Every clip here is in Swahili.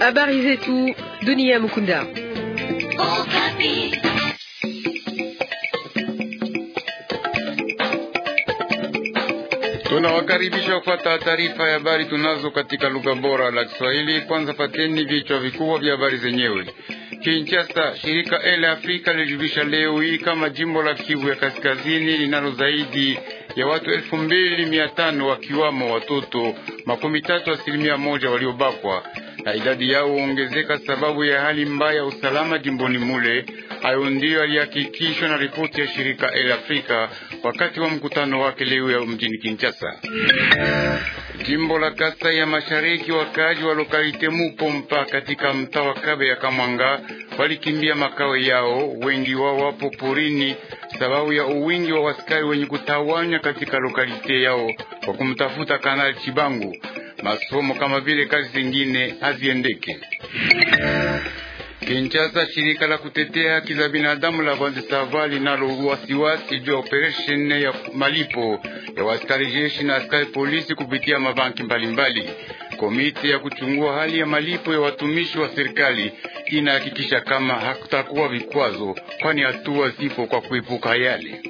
Habari zetu dunia Mukunda. Tunawakaribisha kufuata taarifa ya habari tunazo katika lugha bora la Kiswahili. Kwanza pateni vichwa vikubwa vya habari zenyewe. Kinshasa, shirika ele Afrika lilijulisha leo hii kama jimbo la Kivu ya Kaskazini linalo zaidi ya watu elfu mbili mia tano wakiwamo watoto makumi tatu asilimia moja waliobakwa, na idadi yao huongezeka sababu ya hali mbaya ya usalama jimboni mule. Hayo ndiyo alihakikishwa na ripoti ya shirika El Afrika wakati wa mkutano wake leo ya mjini Kinshasa. Jimbo la Kasai ya Mashariki, wakaaji wa lokalite Mupompa katika mtaa wa kabe ya Kamwanga walikimbia makao yao, wengi wao wapo porini sababu ya uwingi wa wasikari wenye kutawanya katika lokalite yao kwa kumtafuta Kanali Chibangu. Masomo kama vile kazi zingine haziendeke. Kinshasa, shirika la kutetea haki za binadamu la Vande Sava linalo wasiwasi juu ya operesheni ya malipo ya askari jeshi na askari polisi kupitia mabanki mbalimbali. Komiti ya kuchungua hali ya malipo ya watumishi wa serikali inahakikisha kama hakutakuwa vikwazo, kwani hatua zipo kwa kuepuka yale.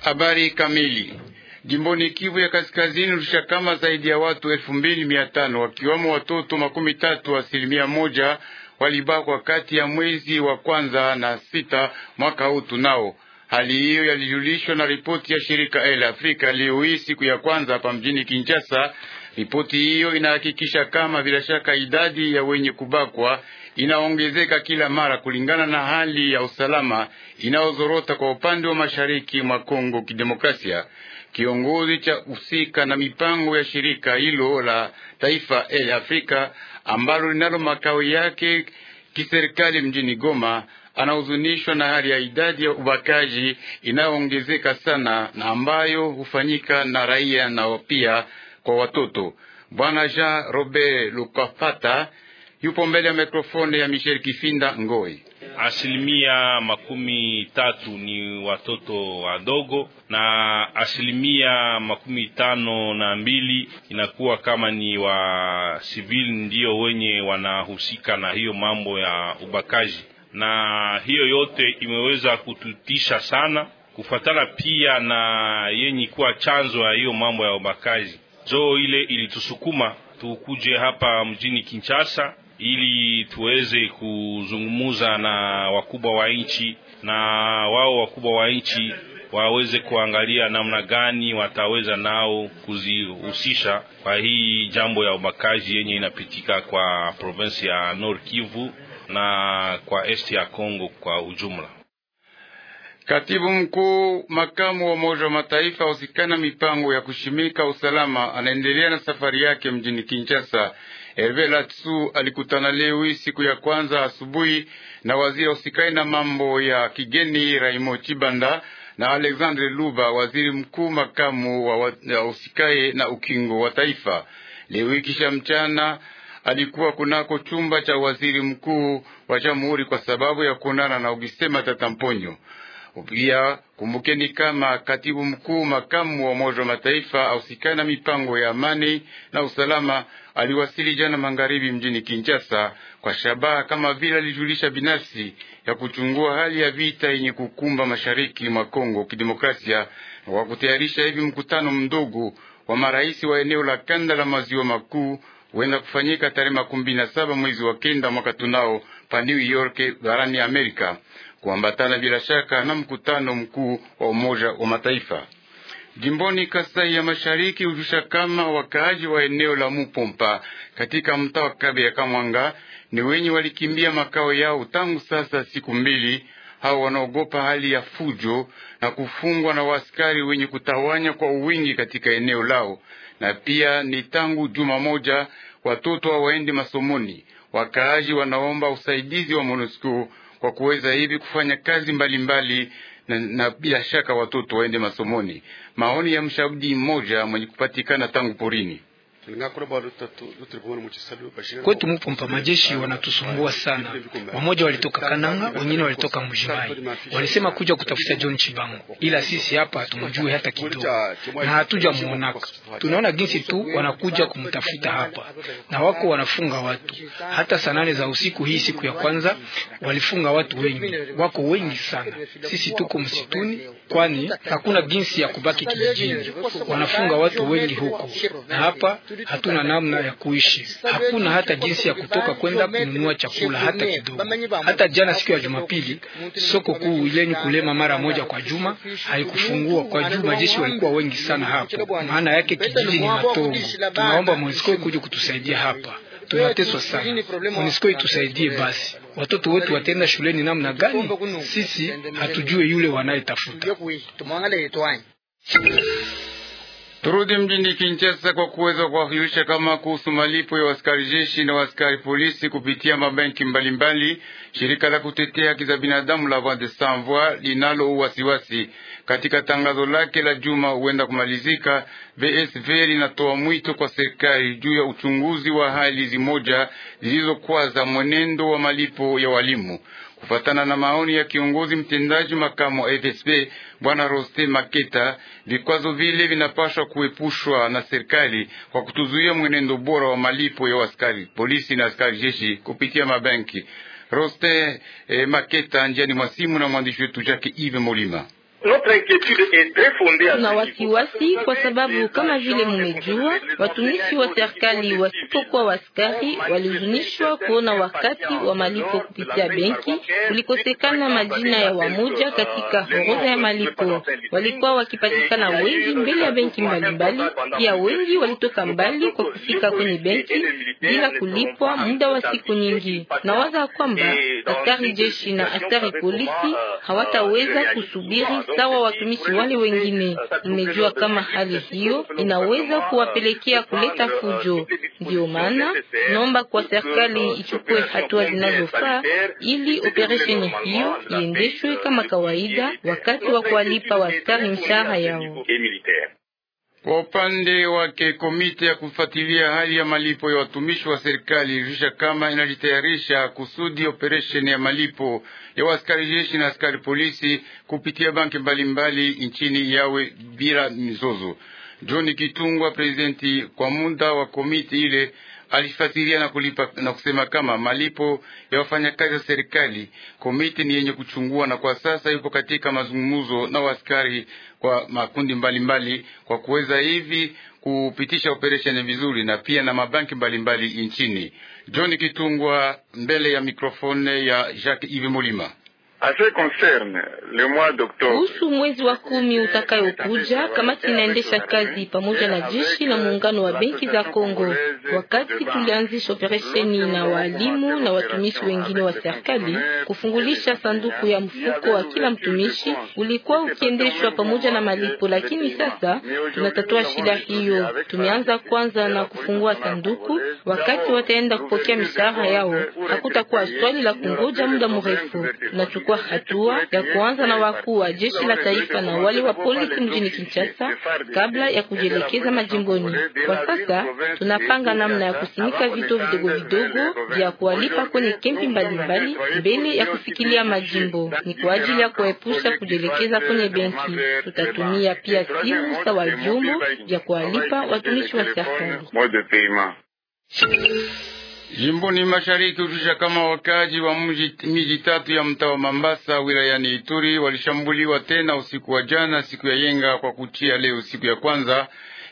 Habari kamili Jimboni Kivu ya Kaskazini, kama zaidi ya watu elfu mbili mia tano wakiwamo watoto makumi tatu asilimia moja walibakwa kati ya mwezi wa kwanza na sita mwaka huu tunao Hali hiyo yalijulishwa na ripoti ya shirika El Afrika leo hii siku ya kwanza hapa mjini Kinshasa. Ripoti hiyo inahakikisha kama bila shaka idadi ya wenye kubakwa inaongezeka kila mara kulingana na hali ya usalama inayozorota kwa upande wa mashariki mwa Kongo Kidemokrasia. Kiongozi cha husika na mipango ya shirika hilo la taifa El Afrika ambalo linalo makao yake kiserikali mjini Goma anahuzunishwa na hali ya idadi ya ubakaji inayoongezeka sana na ambayo hufanyika na raia na pia kwa watoto. Bwana Jean Robert lukafata yupo mbele ya mikrofoni ya Michel Kifinda Ngoi asilimia makumi tatu ni watoto wadogo na asilimia makumi tano na mbili inakuwa kama ni wa sivili ndio wenye wanahusika na hiyo mambo ya ubakaji, na hiyo yote imeweza kututisha sana, kufatana pia na yenye kuwa chanzo ya hiyo mambo ya ubakaji. Joo ile ilitusukuma tukuje hapa mjini Kinshasa ili tuweze kuzungumuza na wakubwa wa nchi na wao wakubwa wa nchi waweze kuangalia namna gani wataweza nao kuzihusisha kwa hii jambo ya ubakaji yenye inapitika kwa provinsi ya Nord Kivu na kwa est ya Kongo kwa ujumla. Katibu mkuu makamu wa Umoja wa Mataifa usikana mipango ya kushimika usalama anaendelea na safari yake mjini Kinshasa. Herve Latsu alikutana leo hii siku ya kwanza asubuhi na waziri usikai na mambo ya kigeni Raimo Chibanda na Alexandre Luba, waziri mkuu makamu wa usikai na ukingo wa taifa. Leo hii kisha mchana alikuwa kunako chumba cha waziri mkuu wa jamhuri kwa sababu ya kuonana na Ugisema tata Mponyo. Pia kumbukeni kama katibu mkuu makamu wa Umoja wa Mataifa ausikana na mipango ya amani na usalama aliwasili jana magharibi mjini Kinshasa kwa shabaha, kama vile alijulisha binafsi, ya kuchungua hali ya vita yenye kukumba mashariki mwa Kongo Kidemokrasia na kwa kutayarisha hivi mkutano mdogo wa marais wa eneo la kanda la maziwa makuu huenda kufanyika tarehe makumi na saba mwezi wa kenda mwaka tunao pa New York barani Amerika kuambatana bila shaka na mkutano mkuu wa Umoja wa Mataifa. Jimboni Kasai ya Mashariki hujusha kama wakaaji wa eneo la Mupompa katika mtaa wa Kabe ya Kamwanga ni wenye walikimbia makao yao tangu sasa siku mbili. Hao wanaogopa hali ya fujo na kufungwa na waskari wenye kutawanya kwa uwingi katika eneo lao, na pia ni tangu juma moja watoto hawaendi masomoni. Wakaaji wanaomba usaidizi wa MONUSCO kwa kuweza hivi kufanya kazi mbalimbali mbali, na, na bila shaka watoto waende masomoni. Maoni ya mshauri mmoja mwenye kupatikana tangu porini. Kwetu Mupompa, majeshi wanatusumbua sana. Wamoja walitoka Kananga, wengine walitoka Mujimai, walisema kuja kutafuta John Chibango, ila sisi hapa hatumjui hata kidogo na hatuja muonaka. Tunaona jinsi tu wanakuja kumtafuta hapa, na wako wanafunga watu hata saa nane za usiku. Hii siku ya kwanza walifunga watu wengi, wako wengi sana. Sisi tuko msituni, kwani hakuna ginsi ya kubaki kijijini. Wanafunga watu wengi huko na hapa hatuna namna ya kuishi, hakuna hata jinsi ya kutoka kwenda kununua chakula hata kidogo. Hata jana siku ya Jumapili, soko kuu yenye Kulema mara moja kwa juma haikufungua kwa juma, jeshi walikuwa wengi sana hapo. Maana yake kijiji ni matongo. Tunaomba MONUSCO kuja kutusaidia hapa, tunateswa sana. MONUSCO itusaidie basi. Watoto wetu watenda shuleni namna gani? Sisi hatujue yule wanayetafuta. Turudi mjini Kinshasa kwa kuweza kuwakilisha kama kuhusu malipo ya waskari jeshi na waskari polisi kupitia mabenki mbalimbali. Shirika la kutetea haki za binadamu la Voix des Sans Voix linalo uwasiwasi katika tangazo lake la juma huenda kumalizika, VSV linatoa mwito kwa serikali juu ya uchunguzi wa hali zimoja zilizokwaza mwenendo wa malipo ya walimu. Kufatana na maoni ya kiongozi mtendaji makamu wa FSB bwana Roste Maketa, vikwazo vile vinapaswa kuepushwa na serikali kwa kutuzuia mwenendo bora wa malipo ya askari polisi na askari jeshi kupitia mabanki. Roste eh, Maketa njiani mwa simu na mwandishi wetu Jake Ive Molima. Tuna wasiwasi kwa sababu kama vile mmejua, watumishi wa serikali wasipokuwa waskari walihuzunishwa kuona wakati wa malipo kupitia benki kulikosekana majina ya wamoja katika euh, orodha ya malipo. Walikuwa wakipatikana wengi mbele ya benki mbalimbali, pia wengi walitoka mbali kwa kufika kwenye benki bila kulipwa muda wa siku nyingi. Nawaza kwamba askari jeshi na askari polisi euh, hawataweza euh, kusubiri sawa watumishi wale wengine. Nimejua kama hali hiyo inaweza kuwapelekea kuleta fujo, ndio maana naomba kwa serikali ichukue hatua zinazofaa ili operesheni hiyo iendeshwe kama kawaida wakati wa kuwalipa waskari mshahara yao. Kwa upande wake komite ya kufuatilia hali ya malipo ya watumishi wa serikali ilisha kama inajitayarisha kusudi operesheni ya malipo ya askari jeshi na askari polisi kupitia banki mbalimbali nchini yawe bila mizozo. John Kitungwa, presidenti kwa muda wa komiti ile, alifasiria na kulipa na kusema kama malipo ya wafanyakazi wa serikali komiti ni yenye kuchungua, na kwa sasa yupo katika mazungumzo na waskari kwa makundi mbalimbali mbali, kwa kuweza hivi kupitisha operesheni vizuri na pia na mabanki mbalimbali mbali nchini. John Kitungwa mbele ya mikrofone ya Jacques Ive Mulima. Kuhusu mwezi wa kumi utakayokuja, kamati inaendesha kazi pamoja na jeshi na muungano wa benki za Kongo. Wakati tulianzisha operesheni na walimu na watumishi wengine wa serikali, kufungulisha sanduku ya mfuko wa kila mtumishi ulikuwa ukiendeshwa pamoja na malipo, lakini sasa tunatatua shida hiyo. Tumeanza kwanza na kufungua sanduku Wakati wataenda kupokea mishahara yao, hakutakuwa swali la kungoja muda mrefu. Tunachukua hatua ya kuanza na wakuu wa jeshi la taifa na wale wa polisi mjini Kinshasa kabla ya kujielekeza majimboni. Kwa sasa tunapanga namna ya kusimika vituo vidogo vidogo vya kuwalipa kwenye kempi mbalimbali mbele ya kufikilia majimbo. Ni kwa ajili ya kuepusha kujielekeza kwenye benki. Tutatumia pia simu sawa vyombo vya kuwalipa watumishi wa serikali. Jimboni mashariki ujusha kama wakaji wa miji tatu ya mtaa wa Mambasa wilayani Ituri walishambuliwa tena usiku wa jana siku ya yenga kwa kuchia leo siku ya kwanza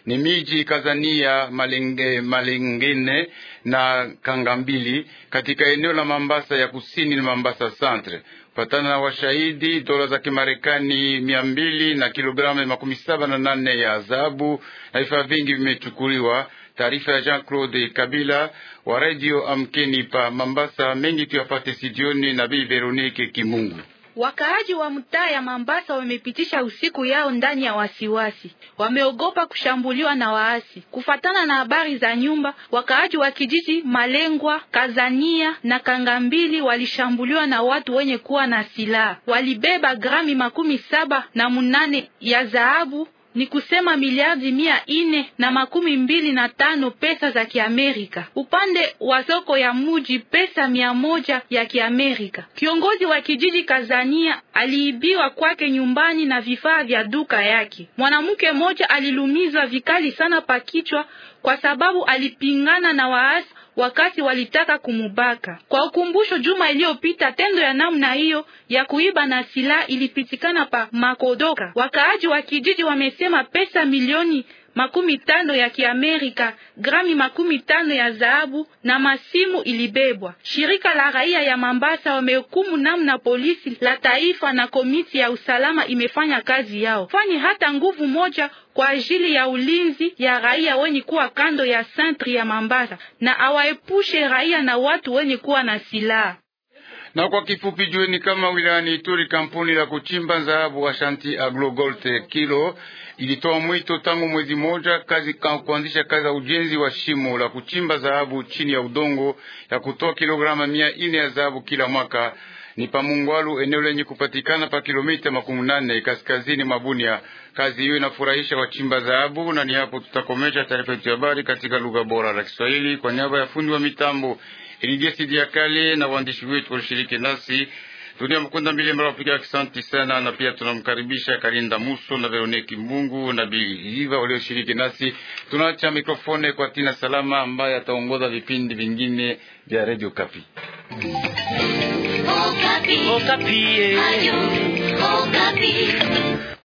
ni miji Kazania, Malenge, Malengene na Kangambili katika eneo la Mambasa ya kusini na Mambasa centre. Patana na washahidi, dola za Kimarekani mia mbili na kilogramu makumi saba na nane ya adhabu na vifaa vingi vimechukuliwa. Taarifa ya Jean Claude Kabila wa Radio Amkeni pa Mambasa. Mengi tuyafate sidioni na Bibi Veronique Kimungu. Wakaaji wa mtaa ya Mambasa wamepitisha usiku yao ndani ya wasiwasi, wameogopa kushambuliwa na waasi. Kufatana na habari za nyumba, wakaaji wa kijiji Malengwa, Kazania na Kangambili walishambuliwa na watu wenye kuwa na silaha. Walibeba grami makumi saba na munane ya dhahabu ni kusema miliardi mia ine na makumi mbili na tano pesa za Kiamerika. Upande wa soko ya muji pesa mia moja ya Kiamerika. Kiongozi wa kijiji Kazania aliibiwa kwake nyumbani na vifaa vya duka yake. Mwanamke mmoja alilumizwa vikali sana pakichwa kwa sababu alipingana na waasi wakati walitaka kumubaka. Kwa ukumbusho, juma iliyopita tendo ya namna hiyo ya kuiba na silaha ilipitikana pa Makodoka. Wakaaji wa kijiji wamesema pesa milioni makumi tano ya Kiamerika, grami makumi tano ya dhahabu na masimu ilibebwa. Shirika la raia ya Mambasa wamehukumu namna polisi la taifa na komiti ya usalama imefanya kazi yao, fani hata nguvu moja kwa ajili ya ulinzi ya raia wenye kuwa kando ya santri ya Mambasa na awaepushe raia na watu wenye kuwa na silaha na kwa kifupi jueni kama wilayani Ituri kampuni la kuchimba dhahabu Ashanti Aglogold kilo ilitoa mwito tangu mwezi moja kazi kuanzisha kazi ya ujenzi wa shimo la kuchimba dhahabu chini ya udongo ya kutoa kilograma mia nne ya dhahabu kila mwaka ni Pamungwalu, eneo lenye kupatikana pa kilomita makumi nane kaskazini Mabunia. Kazi hiyo inafurahisha wachimba dhahabu, na ni hapo tutakomesha taarifa yetu ya habari katika lugha bora la Kiswahili. Kwa niaba ya fundi wa mitambo Eligesi Kale na waandishi wetu walishiriki nasi Dunia Mkunda mbili mrawapiga kisanti sana, na pia tunamkaribisha Karinda Muso na Veroniki Mungu na Biliva walioshiriki nasi. Tunaacha mikrofone kwa Tina Salama ambaye ataongoza vipindi vingine vya Radio Kapi. Okapi. Oh, Okapi. Oh, eh. Okapi. Oh,